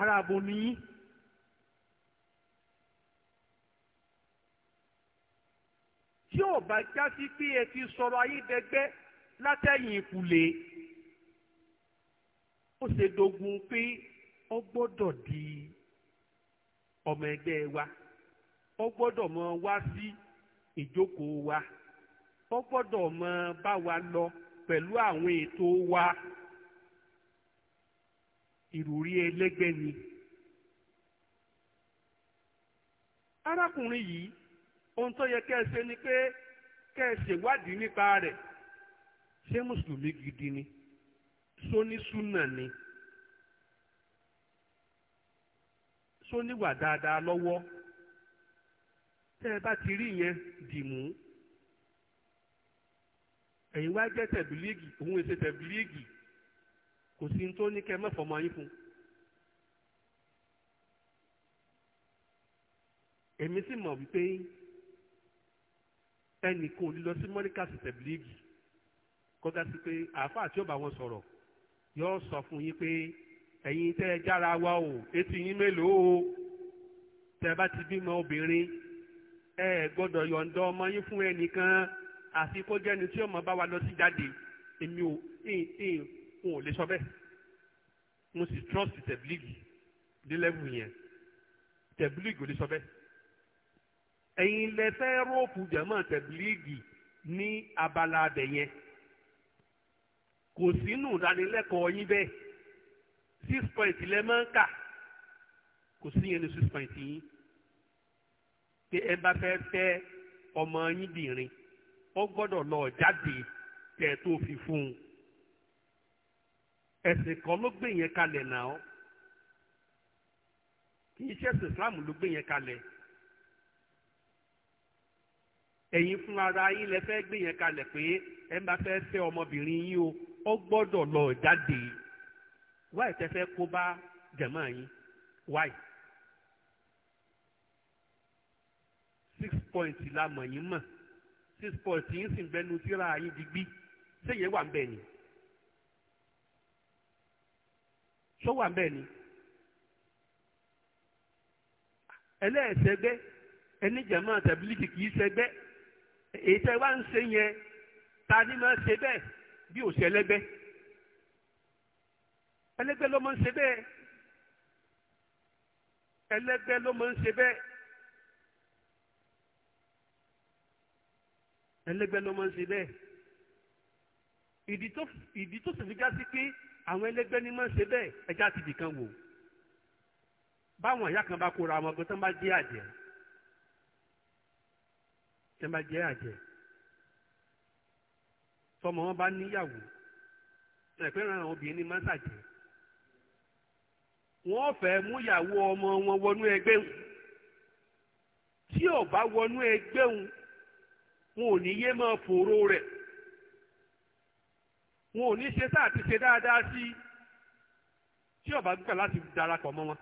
ara àbò nìyí. tí ò bá já sí pé ẹ ti sọ̀rọ̀ ayédẹgbẹ́ látẹ̀yìn ìkùlé ó ṣe dogun pé ó gbọ́dọ̀ di ọmọ ẹgbẹ́ wa ó gbọ́dọ̀ mọ wá sí ìjókòó wa ó gbọ́dọ̀ mọ bá wa lọ pẹ̀lú àwọn ètò wa. ìrùrí ẹlẹ́gbẹ́ ni. arákùnrin yìí ohun tó yẹ kẹ́ ẹ ṣe ni pé kẹ́ ẹ ṣèwádìí nípa rẹ̀ ṣé mùsùlùmí gidi ni soni ni sóníwà dáadáa lọ́wọ́ tẹ́ ẹ bá ti rí yẹn dìmú ẹ̀yin wá jẹ́ tẹ̀bílíìgì òun èsè tẹ̀bílíìgì. kò sí ní tó ní kẹ́ mẹ́fọ́ máa yín fún un. èmi sì mọ̀ wípé ẹnìkan ò lílọ sí mọ́ríkà sẹ̀tẹ̀ bíléègì kọ́gá sí pé àáfàá tí ó bá wọn sọ̀rọ̀ yóò sọ fún yín pé ẹ̀yin tẹ́ ẹ jára wa o etí yín mélòó o tẹ́ ẹ bá ti bímọ obìnrin ẹ gbọ́dọ̀ yọ̀ǹda ọmọ yín fún ẹnìkan àfi kó jẹ́ni tí ọmọ bá wa lọ sí jáde èmi ò wọn ò lè sọ bẹ́ẹ̀ mo sì trust tẹ̀blígì dé lẹ́wù yẹn tẹ̀blígì ò lè sọ bẹ́ẹ̀ ẹ̀yin lẹ fẹ́ rọ́ọ̀pù jẹ̀mọ́ tẹ̀blígì ní abala abẹ yẹn kò sínú ìdánilẹ́kọ̀ọ́ yín bẹ́ẹ̀ six point lẹ máa ń kà kò sí yẹn ní six point yín pé ẹ bá fẹ́ fẹ́ ọmọ yín bìnrin ó gbọ́dọ̀ lọ jáde tẹ̀ tó fi fún un ẹ̀sìn kan ló gbé yẹn kalẹ̀ náà kì í ṣẹ̀sìn Islam ló gbé yẹn kalẹ̀ ẹ̀yin fúnra ara yín lẹ fẹ́ gbé yẹn kalẹ̀ pé ẹ bá fẹ́ fẹ́ ọmọbìnrin yín o ó gbọ́dọ̀ lọ jáde wáì tẹ fẹ́ kó bá jẹ̀mọ́ yín wáì six point la mọ̀ yín mọ̀ six point yín sì ń bẹnu síra yín digbí sẹ́yìn wà ń bẹ̀ yín. ṣó wà bẹ́ẹ̀ ni ẹlẹ́ẹ̀sẹ̀gbẹ́ ẹnìjẹ̀mọ́ tàbílìkì kì í ṣẹgbẹ́ èyí tẹ́ wá ń ṣe yẹn ta ni máa ṣe bẹ́ẹ̀ bí ò ṣe ẹlẹ́gbẹ́ ẹlẹ́gbẹ́ ló máa ń ṣe bẹ́ẹ̀ ẹlẹ́gbẹ́ ló máa ń ṣe bẹ́ẹ̀ ẹlẹ́gbẹ́ ló máa ń ṣe bẹ́ẹ̀ ìdí tó sì fi já sí pé àwọn ẹlẹgbẹ́ ni máa ń ṣe bẹ́ẹ̀ ẹja ti dì kan wò báwọn ìyá kan bá kóra àwọn ọgbọ́n tó ń bá jẹ́ àjẹ́ tó ń bá jẹ́ àjẹ́ tọmọ wọn bá níyàwó ẹ̀pẹ́ àwọn obìnrin ní máa ń ṣàjẹ́ wọ́n fẹ́ mú ìyàwó ọmọ wọn wọnú ẹgbẹ́ wọn tí ò bá wọnú ẹgbẹ́ wọn wọn ò ní yé máa fòró rẹ̀ wọn ò ní ṣe tá àti ṣe dáadáa sí tí ọba gbígbà láti darapọ̀ mọ́ wọn.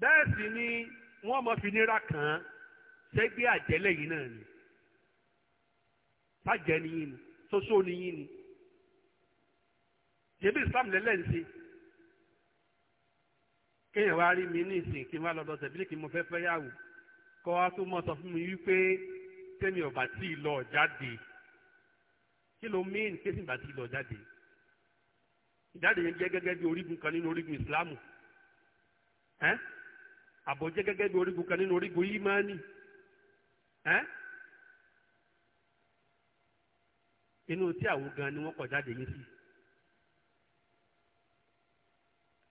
bẹ́ẹ̀ sì ni wọ́n mọ̀ fi nira kàn án sẹ́gbẹ́ àjẹ́lẹ̀ yìí náà ni sájẹ́ ni yín ni soso ni yín ni yẹbi Islam lẹ́lẹ́ ń ṣe kéèyàn wá rí mi ní ìsìn kí n wá lọ́dọ̀ tẹ̀bílì kí n mo fẹ́ fẹ́ yàwó kọ́ wa tó mọ̀ sọ fún mi wípé tẹ́mi ọ̀bà tí ì lọ jáde kí ló mean kí èsì bàtí lọ jáde ìjáde yẹn jẹ́ gẹ́gẹ́ bí orígun kan nínú orígun ìsìlámù ẹ́ àbọ̀ jẹ́ gẹ́gẹ́ bí orígun kan nínú orígun ìmánì ẹ́ inú tí àwọn gan ni wọ́n kọ̀ jáde yín sí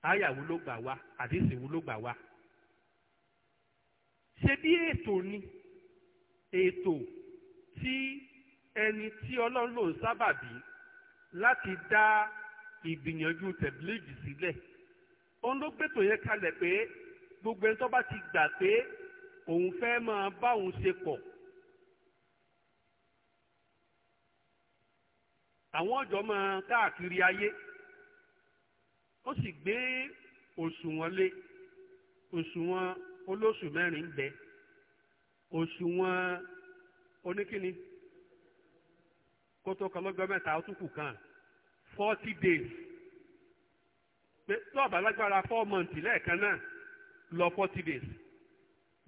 ayàwó ló gbà wá àdéhùn wo gbà wá ṣé bí ètò ni ètò tí. Si ẹni tí ọlọ́run lò ń sábàbí láti dá ìgbìyànjú tẹ̀bílíìgì sílẹ̀ òun ló gbẹ́tò yẹn kalẹ̀ pé gbogbo ẹni tó bá ti gbà pé òun fẹ́ máa bá òun ṣe pọ̀ àwọn ọ̀jọ́ máa káàkiri ayé ó sì gbé òṣùwọ̀n lé òṣùwọ̀n olóṣù mẹ́rin bẹ òṣùwọ̀n oníkíni kó tó kan lọ́jọ́ mẹ́ta ó kan forty days pé lọ́ọ̀bà lágbára four months lẹ́ẹ̀kan náà lọ forty days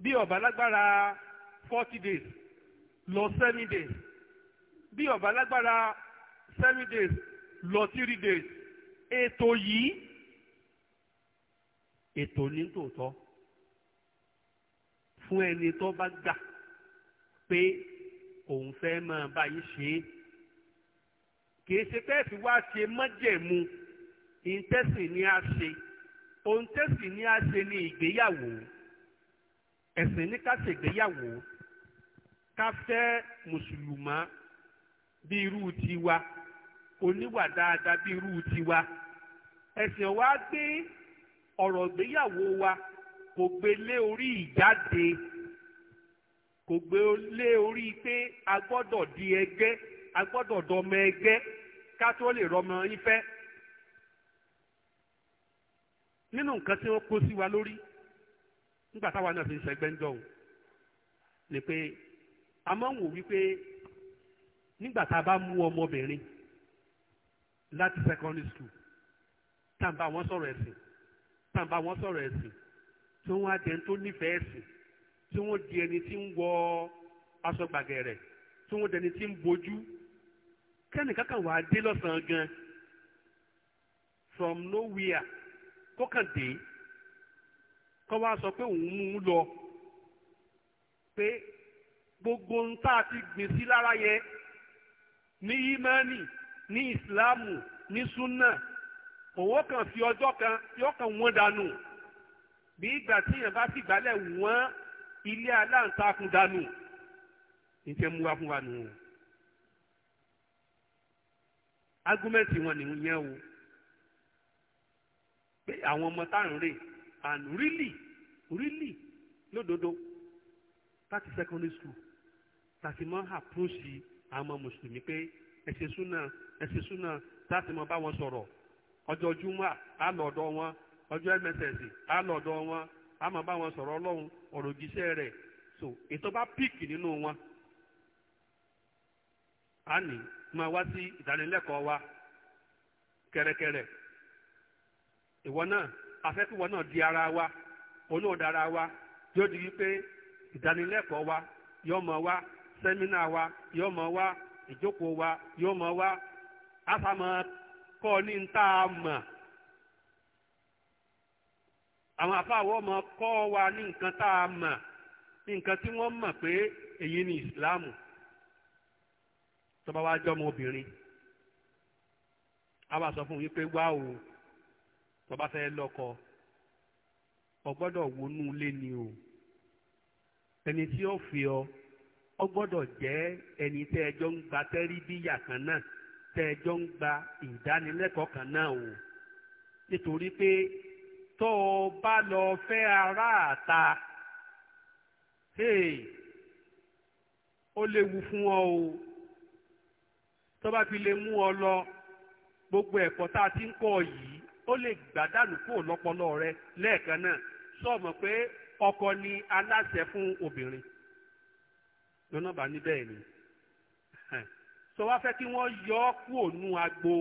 bí ọ̀bà lágbára forty days lọ seven days bí ọ̀bà lágbára seven days lọ three days ètò yìí ètò ní tòótọ́ fún ẹni tó bá gbà pé òun fẹ́ máa báyìí ṣe é kì í ṣe tẹ́sí wá ṣe mọ́jẹ̀mú ìtẹ́sì ni a ṣe ohun tẹ́sì ni a ṣe ni ìgbéyàwó ẹ̀sìn ní ká ṣègbéyàwó ká fẹ́ mùsùlùmá bí irú tiwa oníwà dáadáa bí irú tiwa ẹ̀sìn wa gbé ọ̀rọ̀ ìgbéyàwó wa kò gbé lé orí ìjáde kò gbé lé orí pé a gbọ́dọ̀ di ẹgbẹ́. E a gbọ́dọ̀ dọmọ ẹgbẹ́ ká tó lè rọmọ yín fẹ́ nínú nǹkan tí wọ́n kó sí wa lórí nígbà táwa náà fi ń ṣẹgbẹ́ ń dọ̀hún ni pé a máa ń wò wípé nígbà tá a bá mú ọmọbìnrin láti secondary school tá à ń bá wọn sọ̀rọ̀ ẹ̀sìn tá à ń bá wọn sọ̀rọ̀ ẹ̀sìn tí wọ́n á dẹni tó nífẹ̀ẹ́ ẹ̀sìn tí wọ́n di ẹni tí ń wọ aṣọ gbàgẹ̀rẹ̀ tí wọ́n dẹni tí ń bojú kẹ́nìkan kan wàá dé lọ́sàn-án gan from nowhere kọ́kàn dé kọ́ wá sọ pé òun mú un lọ pé gbogbo ń tá a ti gbìn sí lára yẹn ní yimani ní ìsìláàmù ní súnà òun kàn fi ọjọ́ kan yóò kàn wọ́n dànù bí ìgbà tí yẹn bá sì gbálẹ̀ wọ́n ilé aláǹtakùn dànù ìtẹ̀múwa fún wa nù. ágúmẹ̀ntì wọn nìyẹn o pé àwọn ọmọ tá and really really lódodo thirty secondary school láti mọ approach àwọn mùsùlùmí pé ẹ ṣe súnà ẹ láti mọ bá wọn sọ̀rọ̀ ọjọ́ júmọ́ á wọn mss wọn wọn so ètò bá píìkì nínú wọn máa wá sí ìdánilẹ́kọ̀ọ́ wa kẹrẹkẹrẹ ìwọ náà afẹ́kíwọ náà di ara wa olóòdà ara wa yóò di wípé ìdánilẹ́kọ̀ọ́ wa yóò mọ̀ wá sẹ́mínà wa yóò mọ̀ wá ìjókòó wa yóò mọ̀ wá àfàmọ́ kọ́ ní a mọ̀ tó bá wá jọ ọmọ obìnrin a wá sọ fún un wípé wá o tó bá fẹ́ lọ́kọ ọ gbọ́dọ̀ wọnú ilé ni o ẹni tí ó fi ọ ọ gbọ́dọ̀ jẹ́ ẹni tẹ́ ẹjọ́ ń gba tẹ́ríbíyà kan náà tẹ́ ẹjọ́ ń gba ìdánilẹ́kọ̀ọ́ kan náà o nítorí pé tó o bá lọ fẹ́ aráàta hey, ó léwu fún ọ o. tó fi lè mú ọ lọ gbogbo ẹ̀kọ́ tá a ti ń kọ́ yìí ó lè gbà dànù kúrò lọ́pọlọ rẹ lẹ́ẹ̀kan náà sọ̀mọ̀ pé ọkọ ni aláṣẹ fún obìnrin lọ́nà bá níbẹ̀ ni sọ fẹ́ kí wọ́n yọ ọ́ kúrò nú agbo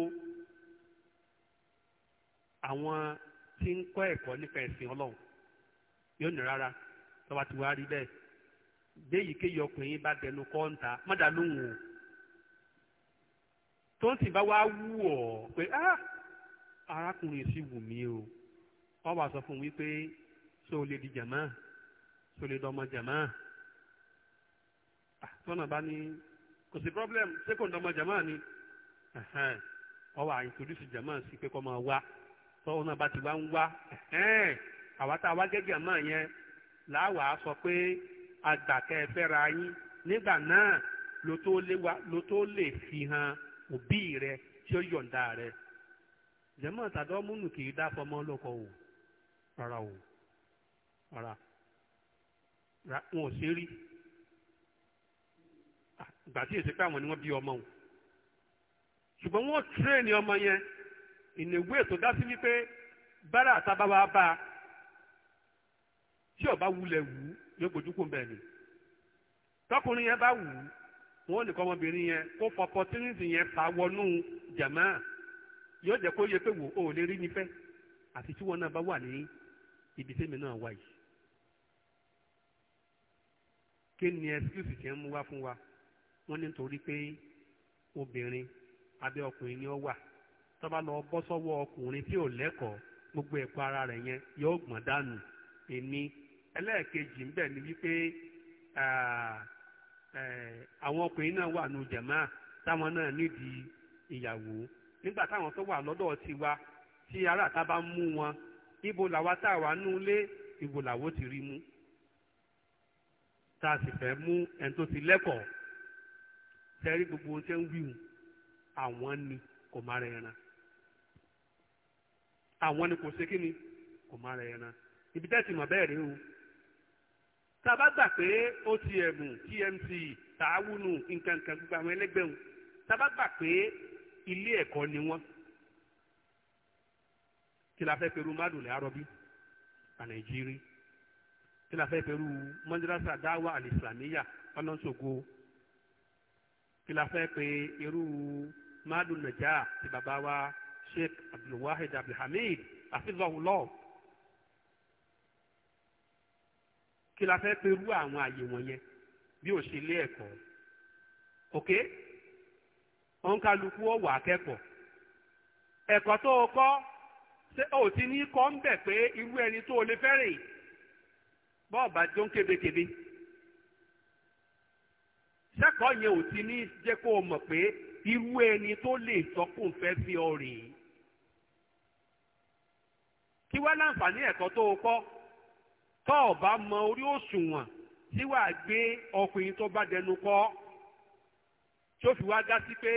àwọn tí ń kọ́ ẹ̀kọ́ nípa ẹ̀sìn ọlọ́run yóò ní rárá tọ́ba bá ti wá rí bẹ́ẹ̀ déyìíkéyìí ọkùnrin bá dẹnu kọ́ ń o. tó ń bá wá wù ọ́ pé ah, arákùnrin sì wù mí o ọ wá sọ fún wípé ṣé o lè di jàmá ṣé o lè dọmọ jàmá ah, tọ́nà bá kò sí problem ṣé kò ń dọmọ jàmá ni ọ wá introduce jàmá sí pé kọ́ máa wá tọ́wọ́ náà bá ti wá ń wá àwa tá a wá gẹ́gẹ́ àmọ́ yẹn sọ pé àgbà fi hàn òbí rẹ tí ó yọ̀ǹda rẹ jẹ́mọ́ tàdọ́ múnú kì í dá fọmọ lọ́kọ o rárá o rárá wọn ò ṣe rí ìgbà tí èsì pé àwọn ni wọ́n bí ọmọ o ṣùgbọ́n wọ́n tírèèni ọmọ yẹn ìnáwó ètò dá sí wípé bára àtàbáwá bá a tí ó bá wulẹ̀ wù ú yóò gbójú kó mbẹ́ ni tọkùnrin yẹn bá wù ú wọ́n lè kọ́ ọmọbìnrin yẹn kó opportunity yẹn ta wọnú jàmá yóò jẹ́ kó yẹ pé wò ó lè rí ní fẹ́ àti tí wọn náà bá wà ní ibi tẹ́mi náà wà yìí. kí ni excuse ti ń mú wá fún wa wọ́n ní nítorí pé obìnrin abẹ́ ọkùnrin ni ó wà tó bá lọ bọ́ sọ́wọ́ ọkùnrin tí ò lẹ́kọ̀ọ́ gbogbo ẹ̀kọ́ ara rẹ̀ yẹn yóò gbọ̀n dànù èmi ẹlẹ́ẹ̀kejì ń bẹ ni wípé Eh, àwọn ọkùnrin náà wà nù jẹ̀má táwọn náà nídìí ìyàwó nígbà táwọn tó wà lọ́dọ̀ tiwa tí aráàta bá ń mú wọn ibo làwa tá a wà nù lé ibo làwo ti rí mú tá a sì fẹ́ mú ẹni tó ti lẹ́kọ̀ọ́ tẹ́rí gbogbo ohun tí ń wíwù àwọn ni kò má rẹ̀ ẹran àwọn ni kò ṣe kí ni kò má rẹ̀ ẹran ibi tẹ́sí mọ̀ bẹ́ẹ̀ rèé o tàbá gbà pé otm tmc tààwùnù nǹkan kan gbogbo àwọn ẹlẹgbẹ́ wọn tàbá gbà pé ilé ẹ̀kọ́ ni wọ́n kí la fẹ́ pẹ̀lú mádùlẹ̀ arọ́bí à nàìjírí kí la fẹ́ pẹ̀lú mọ́ndírásà dáwà àlìsàmíyà ọlọ́sọ̀gbọ kí la fẹ́ pé irú mádùlẹ̀ jà ti bàbá wa sheikh abdulwahid abdulhamid àfihàn kí la fẹ́ perú àwọn àyè wọ̀nyẹn bí ò ṣe lé ẹ̀kọ́ ok òǹkàlùkù ọ̀wọ̀ akẹ́kọ̀ọ́ ẹ̀kọ́ tó o kọ́ ṣé o ti ní kọ́ ń bẹ̀ pé irú ẹni tó o lè fẹ́ rè bọ́ọ̀bà jó ń kébékébé sẹ́kọ̀ọ́ yẹn ò ti ní jẹ́ kó o mọ̀ pé irú ẹni tó lè sọ kó n fẹ́ fi ọ rèé kí wá láǹfààní ẹ̀kọ́ tó o kọ́ tó ọba mọ orí òṣùwọ̀n tí wàá gbé ọkùnrin tó bá dẹnu kọ́ tí fi wá gá sí pé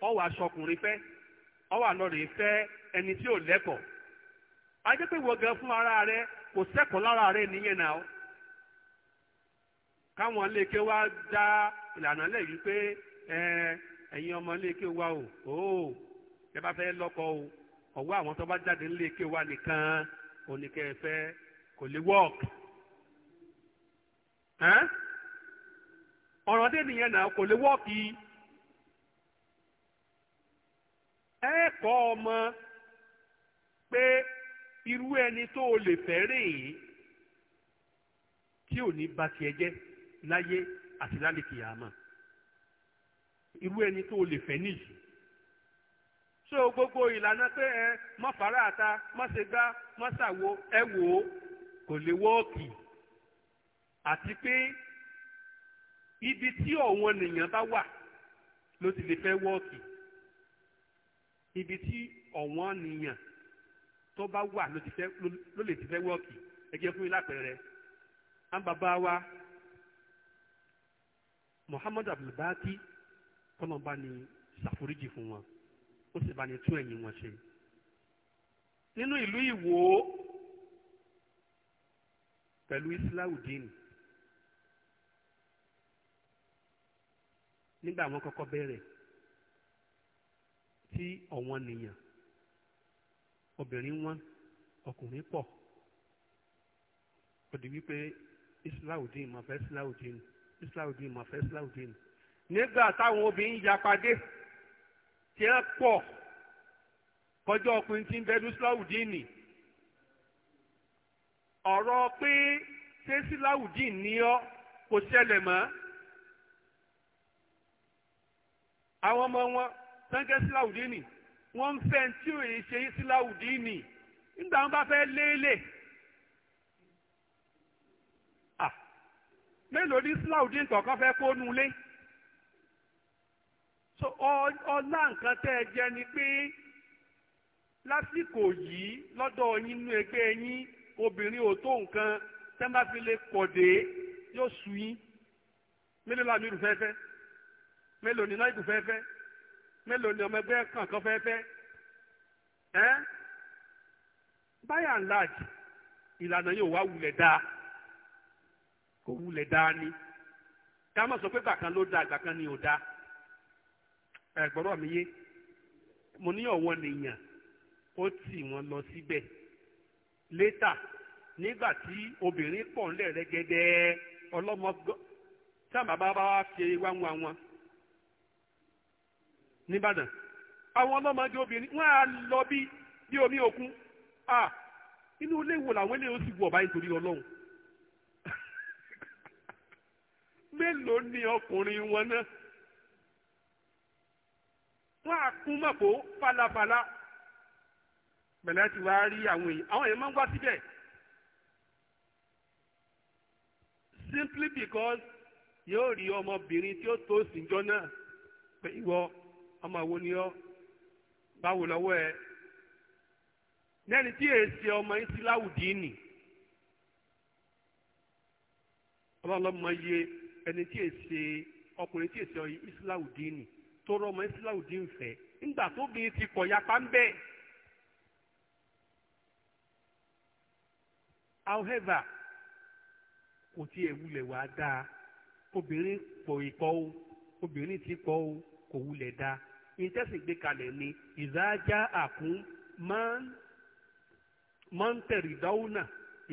ọ wàá fẹ́ ọ wàá lọ fẹ́ ẹni tí ò lẹ́kọ̀ọ́ ajẹ́ gan fún ara rẹ kò sẹ́kọ̀ọ́ lára rẹ nìyẹn náà káwọn iléeké wa dá ìlànà lẹ́yìn ẹ̀yin ọmọ iléeké wa o ooo ẹ bá o ọ̀wọ́ àwọn tó bá jáde iléeké wa nìkan oníkẹ́ fẹ́ kò lè wọ́ọ̀kì ọ̀ràn dé nìyẹn náà kò lè wọ́ọ̀kì ẹ kọ́ ọmọ pé irú ẹni tó o lè fẹ́ rèé tí ò ní ba tiẹ̀ jẹ́ láyé àti lálẹ́ kìyàmọ́ irú ẹni tó o lè fẹ́ nìyí so gbogbo ìlànà pé ẹ má fara àta má ṣe gbá má ṣàwo ẹ wò ó kò lè wọ́ọ̀kì àti pé ibi tí ọ̀wọ́n nìyàn bá wà ló ti lè fẹ́ wọ́ọ̀kì ibi tí ọ̀wọ́n nìyàn tó bá wà ló lè ti fẹ́ wọ́ọ̀kì ẹ jẹ́ fún mi lápẹẹrẹ án wa Muhammad Abdulbaki kọ́nọ̀ba ni ṣàforíjì fún wọn ó sì bá ní tún ẹ̀yìn wọn ṣe nínú ìlú Ìwó pẹ̀lú islahudeen nígbà wọn kọ́kọ́ bẹ̀rẹ̀ tí ọ̀wọ́n nìyàn obìnrin wọn ọkùnrin pọ̀ ó di wípé islahudeen máa fẹ́ islahudeen islahudeen máa fẹ́ islahudeen nígbà táwọn obìnrin yapadé tí wọ́n pọ̀ kọjá ọkùnrin tí ń bẹ ní islahudeen nìyàn. ọ̀rọ̀ pé ṣé ní ọ kò ṣẹlẹ̀ mọ́ àwọn ọmọ wọn sáńkẹ́ síláwùdín nì wọ́n ń fẹ́ tí ò yìí ṣe síláwùdín nì nígbà wọn bá fẹ́ léèlè. mélòó ní síláwùdín kọ̀ọ̀kan fẹ́ kó so ọlá nǹkan tẹ́ ẹ jẹ ni pé lásìkò yìí lọ́dọ̀ yín nínú ẹgbẹ́ obìnrin ò tó nǹkan tẹ́ bá fi lè kọ̀dé yóò sùn yín mélòó làmì ìlú fẹ́fẹ́ mélòó ní náírà fẹ́fẹ́ mélòó ní ọmọ ẹgbẹ́ kankan fẹ́fẹ́ ẹ́ by and large ìlànà yóò wá wulẹ̀ dáa kò wulẹ̀ dáa ni ká má sọ pé gbàkan ló dáa gbàkan ni ò dáa ẹ̀gbọ́rọ̀ mi yé mo ní ọ̀wọ́n nìyàn ó tì wọ́n lọ síbẹ̀. Si létà nígbà tí obìnrin pọ̀ ń ńlẹ̀ rẹ́gẹ́dẹ́ ọlọ́mọ sábà bá wá ṣe wáwọn àwọn nìbàdàn àwọn ọlọ́mọdé obìnrin wọ́n á lọ bí bí omi òkun à inú ilé wo làwọn eléyìí ó sì wọ̀ báyìí torí ọlọ́run mélòó ni ọkùnrin wọn náà wọ́n á kún mọ̀pọ̀ falafala. bẹ̀lẹ́ ti wá rí àwọn èèyàn àwọn èèyàn máa ń wá síbẹ̀ simply because yóò rí ọmọbìnrin tí ó tó síjọ́ náà pé ìwọ ọmọ wo ni ọ báwo lọ́wọ́ ẹ lẹ́ni tí èsì ọmọ ìsìláwù dìínì ọlọ́lọ́mọ yẹ ẹni tí èsì ọkùnrin tí èsì ìsìláwù dìínì tó rọ ọmọ ìsìláwù dìínì fẹ́ nígbà tó ti pọ̀ yapa ń bẹ́ẹ̀. however kò tí ẹ̀ wulẹ̀ wá dáa obìnrin pọ̀ ìpọ̀ o obìnrin ti pọ̀ o kò wulẹ̀ dáa ìtẹ́sí gbé kalẹ̀ ni ìdájá àkún máa ń tẹ̀rìdáwùnà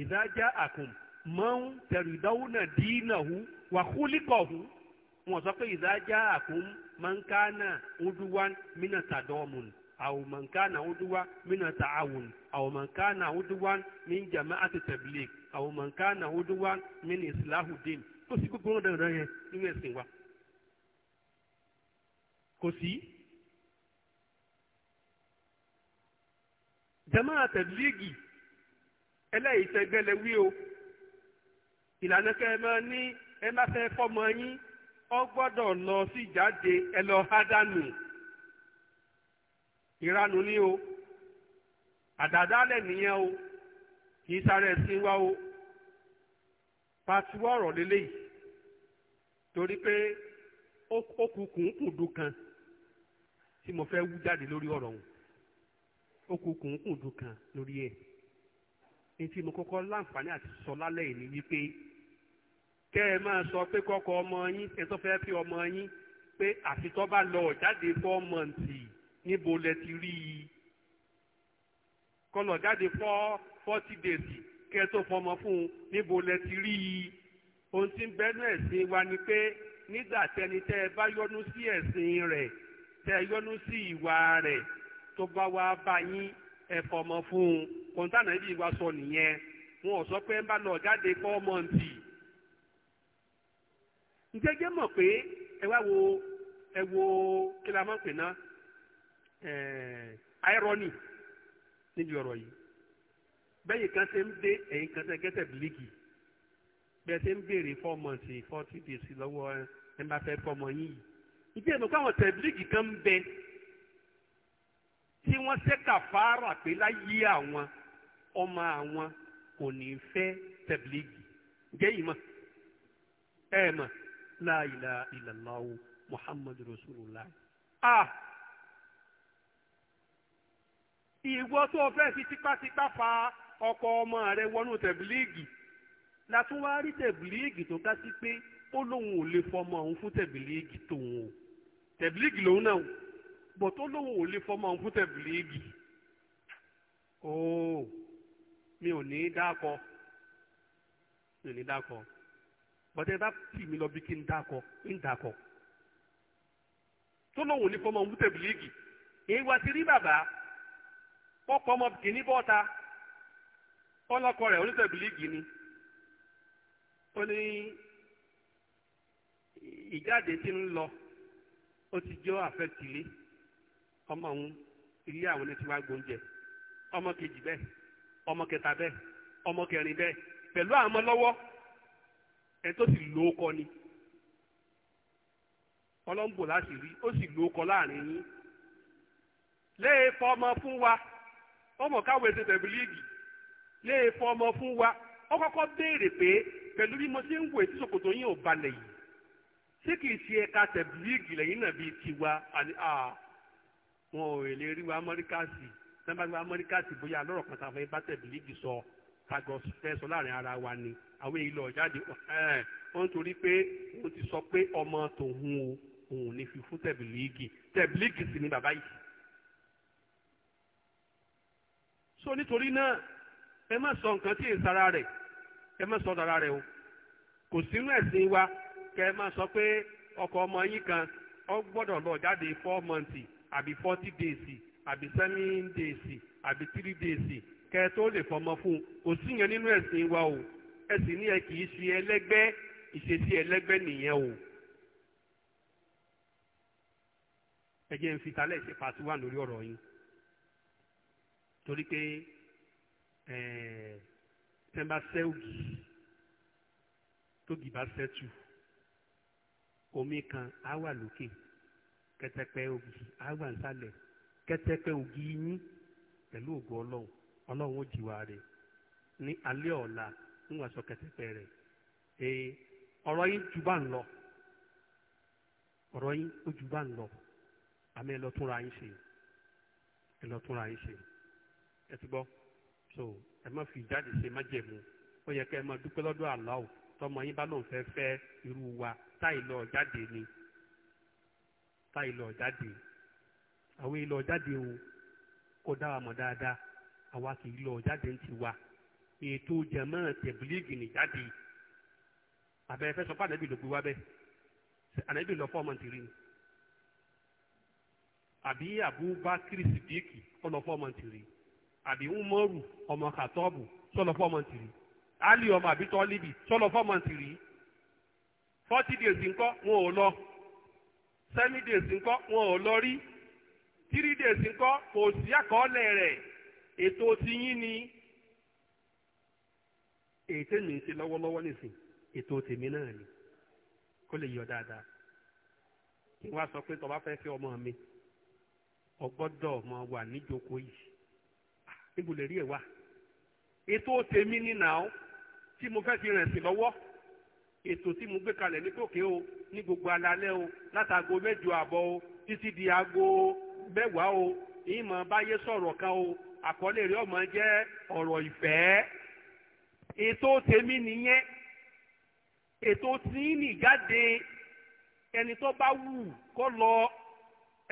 ìdájá àkún máa ń tẹ̀rìdáwùnà dínàhù wà kúlíkọ̀hù wọ́n sọ pé ìdájá àkún máa ń ká náà ó dúwá mínà tàdọ́mùnù. أو من كان عضوا من التعاون أو من na عضوا من جماعة التبليغ أو من كان عضوا من إصلاح الدين kò sí gbogbo ọ̀dọ̀ ìrọ̀ yẹn nínú ẹ̀sìn wa kò sí. jama'a tẹ̀blígì ẹlẹ́yìí tẹgbẹ́lẹ́ wí o ìlànà kẹ́ ẹ máa ní ẹ má fẹ́ fọmọ yín ọ gbọ́dọ̀ lọ sí ìjáde ẹ lọ hádánù ìranu ní o àdàdálẹ̀ nìyẹn o kì í sáré ẹ̀sìn wá o patiwọ́ ọ̀rọ̀ lélẹ́yìí torí pé ó kù kùnkùndùn kan tí mo fẹ́ wú jáde lórí ọ̀rọ̀ òun ó kù kùnkùndùn kan lórí ẹ̀ ní tí mo kọ́kọ́ láǹfààní àti sọ lálẹ́ yìí ni wípé kẹ́ ẹ máa sọ pé kọ́kọ́ ọmọ yín ẹ tó fẹ́ fi ọmọ yín pé àfitọ́ bá lọ jáde fọ́ mọ̀ǹtì níbo lẹ ti rí i kọlọ̀ jáde fọ́ forty days kẹ́ ẹ tó fọmọ fún un níbo lẹ ti rí i ohun tí ń bẹ́nu ẹ̀sìn wa ni pé nígbà tẹni tẹ́ ẹ bá yọnu sí ẹ̀sìn rẹ̀ tẹ́ ẹ yọnu sí ìwà rẹ̀ tó bá wá bá yín ẹ fọmọ fún un kọ́ńtánà ibi ìwà sọ nìyẹn wọn ò sọ pé ń bá lọ jáde fọ́ mọ́ǹtì ǹjẹ́ jẹ́ mọ̀ pé ẹ wá wo ẹ wo kí la máa ń pè náà Eh, irony níbi ọ̀rọ̀ yìí bẹ́yìn kan ṣe ń dé ẹ̀yìn kan ṣe gẹ́tẹ̀ bìlíkì bẹ́ẹ̀ ṣe ń béèrè four months days lọ́wọ́ ẹ bá fẹ́ fọmọ yín yìí ìdí ẹ̀mọ́ káwọn tẹ̀bílíkì kan ń bẹ tí wọ́n pé láyé àwọn ọmọ àwọn kò ní fẹ́ ìmọ̀ ẹ̀ mọ̀ la muhammadu ah ìwọ tó o fẹ́ fi tipátipá fa ọkọ ọmọ rẹ wọnú tẹ̀bílíìgì látún wá rí tẹ̀bílíìgì tó ká sí pé ó lóun ò lè fọmọ òun fún tẹ̀bílíìgì tòun o tẹ̀bílíìgì lòun náà bọ̀ tó lóun ò lè fọmọ òun fún tẹ̀bílíìgì ooo mi ò ní dákọ mi ò ní dákọ bọ́tẹ́ bá tì mí lọ bí kí n dákọ ń dákọ tó lóun ò lè fọmọ òun fún tẹ̀bílíìgì èyí wá ti rí bàbá wọ́n pọ̀ ọmọ gìní bọ́ta ọlọ́kọ rẹ̀ onítẹ̀bílì gìní ó ní ìjáde tí ń lọ ó ti jọ àfẹ́tìlé ọmọ òun ilé àwọn ẹni tí wàá gbóúnjẹ ọmọ kejì bẹ́ẹ̀ ọmọ kẹta bẹ́ẹ̀ ọmọ kẹrin bẹ́ẹ̀ pẹ̀lú àwọn ọmọ lọ́wọ́ ẹni tó sì lò ó kọ ni ọlọ́mbò láti rí ó sì lò ó kọ láàrin yín lẹ́ẹ̀fọ́ ọmọ fún wa ọmọ káwé ṣe tẹ̀bí líìgì lè fọ ọmọ fún wa ó kọ́kọ́ béèrè pé pẹ̀lú bí mo ṣe ń wò tí ṣòkòtò yín ò balẹ̀ yìí ṣé kìí ṣe ẹ̀ka tẹ̀bí líìgì lẹ́yìn náà bíi tiwa àní à wọn ò lè rí wa amọ́ríkàsì nígbà tí wa amọ́ríkàsì bóyá lọ́rọ̀ kan tá a fẹ́ bá tẹ̀bí líìgì sọ tagọ fẹ́ sọ láàrin ara wa ni àwọn èyí lọ jáde ó torí pé ó ti sọ pé ọmọ tòun o òun ní fi fún tẹ̀bí líìgì tẹ̀bí líìgì sì ni bàbá yìí. so nítorí náà ẹ má sọ nǹkan tí ìsara rẹ̀ ẹ má sọ dara rẹ̀ o kò sínú ẹ̀sìn wa kẹ ẹ má sọ pé ọkọ ọmọ yín kan ọ gbọdọ lọ jáde four months àbí forty days àbí seven days àbí three days kẹ ẹ tó lè fọmọ fún kò sí yẹn nínú ẹ̀sìn wa o ẹ̀sìn ni ẹ kì í ṣe ẹlẹ́gbẹ́ ìṣesí ẹlẹ́gbẹ́ nìyẹn o. ẹ jẹ́ ń fi talẹ̀ ṣe pàṣẹ wà lórí ọ̀rọ̀ yín. torí pé tẹ́ bá sẹ́ ògì tógì bá sẹ́tù omi kan á wà lókè kẹtẹpẹ ògì á wà nísàlẹ̀ kẹtẹpẹ ògì yín pẹ̀lú ògùn ọlọ́run ọlọ́run ó jìwà rẹ̀ ní alẹ́ ọ̀la ń wàásọ kẹtẹpẹ rẹ̀ ee ọ̀rọ̀ yín jù bá ń lọ ọ̀rọ̀ yín ó jù bá ń lọ àmì ẹ̀ lọ́túnra yín ṣe ẹ̀ lọ́túnra yín ṣe ẹ ti gbọ́ so ẹ má fi jáde ṣe májẹ̀mú ó yẹ kẹ́ ẹ máa dúpẹ́ lọ́dọ̀ Allah tọmọ yín bá lóun fẹ́ fẹ́ irú wa táì lọ jáde ni táì lọ jáde àwọn ìlọ jáde o kó dá wa mọ̀ dáadáa àwa kì í lọ jáde ń ti wa ètò jẹ̀mọ́ tẹ̀bílíìgì ní jáde àbẹ̀rẹ̀ fẹ́ sọ pé ànábì ló gbé wá bẹ́ẹ̀ ànábì lọ fọ́ ọmọ tìrì ni àbí Abubakar Siddiq ó lọ fọ́ ọmọ tìrì ni àbí umaru ọmọ katọ́ọ̀bù sọlọ fọmọ ntìrì ali ọmọ àbí tọ́líbì sọlọ fọmọ ntìrì forty days ńkọ́ wọn ò lọ seven days ńkọ́ wọn ò lọ rí three days ńkọ́ kò sí àkọọ́lẹ̀ rẹ̀ ètò tiyín ni èyí tèmi ń ṣe nìsín ètò tèmi náà ni kó lè yọ dáadáa kí wọ́n á sọ pé tó bá fẹ́ ọmọ mi o gbọ́dọ̀ máa níjókòó yìí níbo lè rí ẹ̀ wá ètò tèmi ní nàá tí mo fẹ́ fi rìn sí lọ́wọ́ ètò tí mo gbé kalẹ̀ ní tòkè o ní gbogbo alalẹ́ o látàgo mẹ́jọ àbọ̀ o títí di aago mẹ́wàá o ìmọ̀ báyé sọ̀rọ̀ kan o àkọlé rẹ̀ ọmọ jẹ́ ọ̀rọ̀ ìfẹ́ ètò tèmi nìyẹn ètò tí ní jáde ẹni tó bá wù kó lọ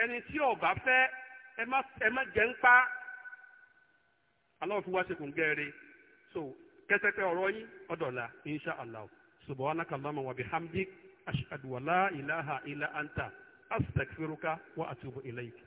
ẹni tí ó bá fẹ́ ẹ má jẹ́ ń pa aláwọ̀ fi wá ṣe kò gẹ́rẹ́ so kẹ́sẹ́kẹ́ ọ̀rọ̀ yín ọ̀dọ̀la insha allah subhanaka allahumma wa bihamdik ashhadu wa la ilaha illa anta astaghfiruka wa atubu ilayk.